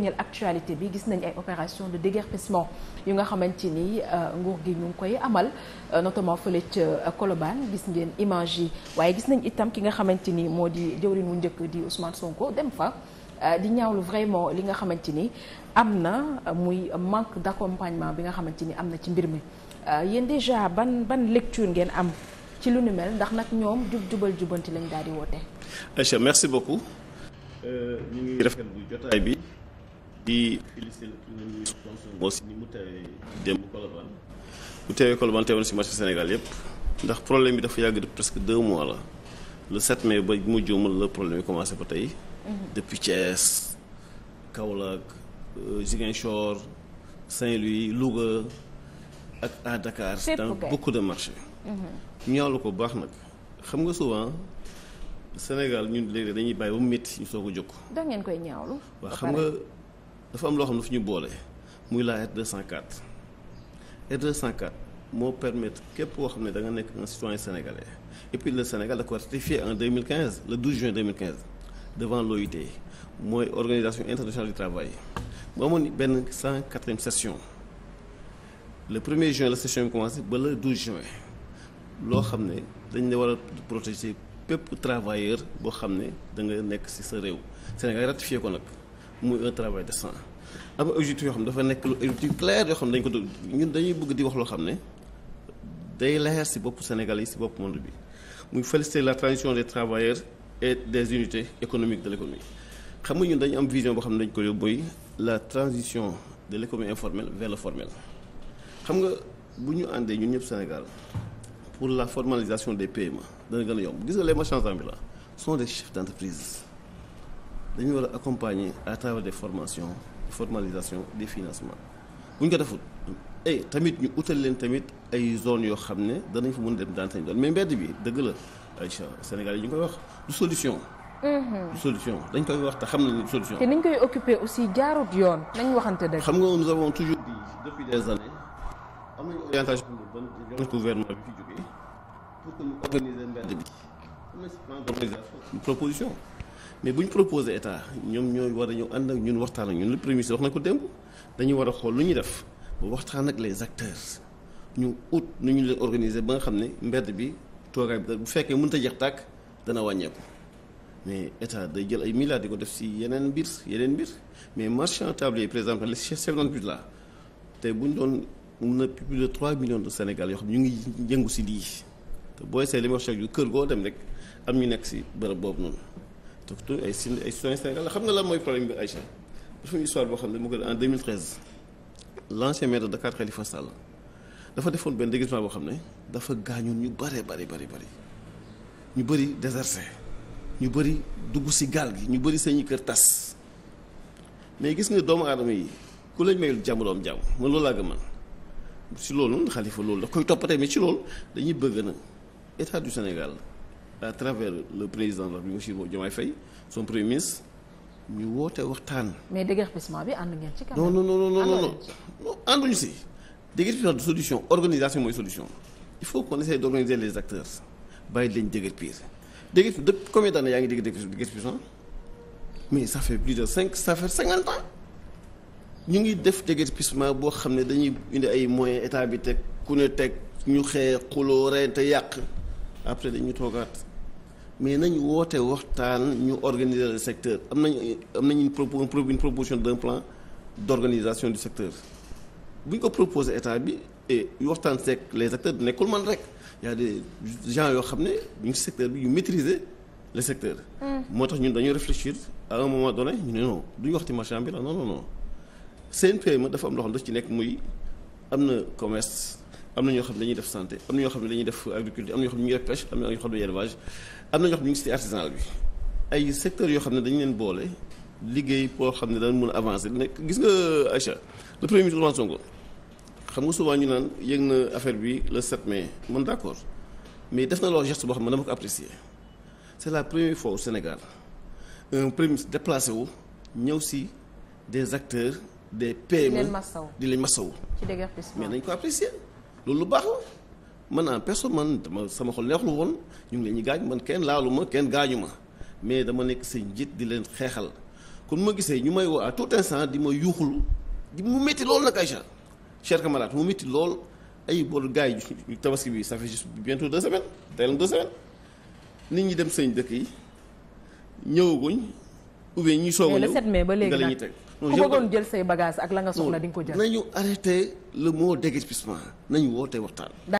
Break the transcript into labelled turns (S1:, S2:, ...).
S1: ñeel actualité bi gis nañ ay opération de déguerpissement yu nga xamante ni euh, nguur gi ñu ngi koy amal euh, notamment fële ca euh, Colobane gis ngeen image yi waaye gis nañ itam ki nga xamante ni moo di jëwriñ mu njëkk di Ousmane Sonko dem fa di ñaawlu vraiment li nga xamante ni am na muy manque d'accompagnement bi nga xamante ni am na ci mbir mi yéen déjà ban ban lecture ngeen am ci lu nu mel ndax nag ñoom jub jubal jubanti lañ daal di woote. Aïcha merci beaucoup. di félicité le premier ministre aussi ni mu tawee démb Colobane teewee Colobane teewoon marché Sénégal yëpp ndax problème bi dafa yàgg de presque deux mois la le 7 mai ba mu juumul la problème yi commencé ba tey mhm. depuis Thiès Kaolack euh, Ziguinchor Saint-Louis Louga ak à Dakar dans beaucoup de marchés mhm. ñaawlu ko baax nag xam nga souvent Sénégal ñun léegi dañuy bàyyi ba mu métti ñu soog a jóg. da ngeen koy ñaawlu. waaw xam nga dafa am loo xam ne dafa ñu boole muy la R204 R204 moo permettre képp koo xam ne da nga nekk un citoyen sénégalais et puis le Sénégal da ko ratifié en 2015 le 12 juin 2015 devant l'OIT mooy organisation internationale du travail mu amoon benn 104e session le 1 juin la session bi commencé ba le 12 juin loo xam ne dañ la war a protéger bépp travailleur boo xam ne da nga nekk ci sa réew Sénégal ratifié ko nag. muy un travail de sang am objectif yoo xam dafa nekk lu objectif clair yoo xam dañ ko ñun dañuy bëgg di wax loo xam ne day leer si bopp Sénégal yi si bopp monde bi muy féliciter la transition des travailleurs et des unités économiques de l'économie xam nga ñun dañu am vision boo xam ne dañ ko yóbbu mooy la transition de l'économie informelle vers formel xam nga bu ñu àndee ñun ñëpp Sénégal pour la formalisation des PME dana gën a yomb gis nga les marchands ambulants sont des dañu war a accompagner à travers des formations formalisation des financement bu ko deful et eh, tamit ñu utal leen tamit ay zones yoo xam ne danañ fa mën dem daan tañ doon mais mbedd bi dëgg la ay Sénégal yi ñu koy wax du solution mhm. du solution dañ koy wax te xam nañ solution te niñ koy occuper aussi jaarut yoon nañ waxante dëgg xam nga nous avons toujours dit depuis des années am nañu orientation bu bonne gouvernement bi fi jógee pour que ñu organiser bi am na proposition mais bu ñu proposé état ñoom ñooy war a ñëw ànd ak ñun waxtaan ak ñun le premier ministre na ko démb dañu war a xool lu ñuy def ba waxtaan ak les acteurs ñu ut nu ñu leen organiser ba nga xam ne mbedd bi toogaay bu fekkee mënut a tàkk dana wàññeeku. mais état day jël ay milliards di ko def si yeneen mbir yeneen mbir mais marchand tablier yi par exemple les chefs d'entreprise là tey bu ñu doon mun na plus de 3 de Sénégal yoo xam ñu ngi yëngu si lii te booy seet li ma wax kër goo dem rek am ñu nekk si bërëb boobu noonu. surtout ay si ay citoyen Sénégal la xam nga lan mooy problème bi Aïcha dafa am histoire boo xam ne mu ngi en maire de Dakar Khalifa Sall dafa defoon benn déguisement boo xam ne dafa gaañoon ñu bëree bëri bëri bëri ñu bëri déserté ñu bëri dugg si gaal gi ñu bëri yi kër tas mais gis nga doomu aadama yi ku lañ mayul jàmm doom jàmm man loolu laa gëm man si loolu xalifa loolu da koy toppatee mi ci loolu dañuy bëgg na état du Sénégal à travers le président de la République Bassirou Diomaye Faye son premier ministre ñu woote waxtaan. mais déguerpissement bi ànd ngeen ci. non non non non non non ànduñu si. déguerpissement de solution organisation mooy solution il faut qu'on essaie d'organiser les acteurs bàyyi leen déguerpir déguerpir depuis combien d'années yaa ngi dégg déguerpissement mais ça fait plus de cinq ça fait cinquante ans ñu ngi def déguerpissement boo xam ne dañuy indi ay moyens état bi teg ku ne teg ñu xee xuloo rente yàq après dañuy toogaat. mais nañu woote waxtaan ñu organiser le secteur am nañ am nañ une proposition d'un plan d'organisation du secteur bu ñu ko proposé état bi et waxtaan seeg les acteurs nekkul man rek y a des gens yoo xam ne ñu ngi secteur bi yu maîtriser le secteur. Hmm. moo tax ñun dañuy réfléchir à un moment donné ñu ne non duñu waxti marchand bi la non non seen CNPE ma dafa am loo xam daf ci nekk muy am na commerce. am na ñoo xam ne dañuy def santé am na ñoo xam ne dañuy def agriculture am na ñoo xam ne ñu ngi def pêche am na ñoo xam ne élevage am na ñoo xam ne ñu ngi ci artisanal bi ay secteurs yoo xam ne dañu leen boole liggéey boo xam ne dañ mën a avancer nekk gis nga Aïcha le premier ministre Ousmane Sonko xam nga souvent ñu naan yëg na affaire bi le 7 mai man d'accord mais def na loo geste boo xam ne dama ko apprécier c'est la première fois au Sénégal un premier ministre déplacé wu ñëw ci des acteurs des PME di leen masawu mais nañ ko apprécier loolu lu baax la man naa ah, personne man dama sama xol neexul woon ñu ngi leen ñu gaañ man kenn laalu ma kenn gaañu ma mais dama nekk seen njiit di leen xeexal kon ma gisee ñu may woo à tout instant di ma yuuxul di mu métti lool nag Aïcha cher camarade mu métti lool ay boolu gars yi tabaski bi ça fait juste bientôt deux semaines tey la deux semaines nit ñi dem seen dëkk yi ñëwaguñ. ou bien ñuy a ñëw mais ku bëggoon jël say bagages ak la nga soxla di nga ko jël. nañu arrêté le mot déguerpissement nañu woote waxtaan.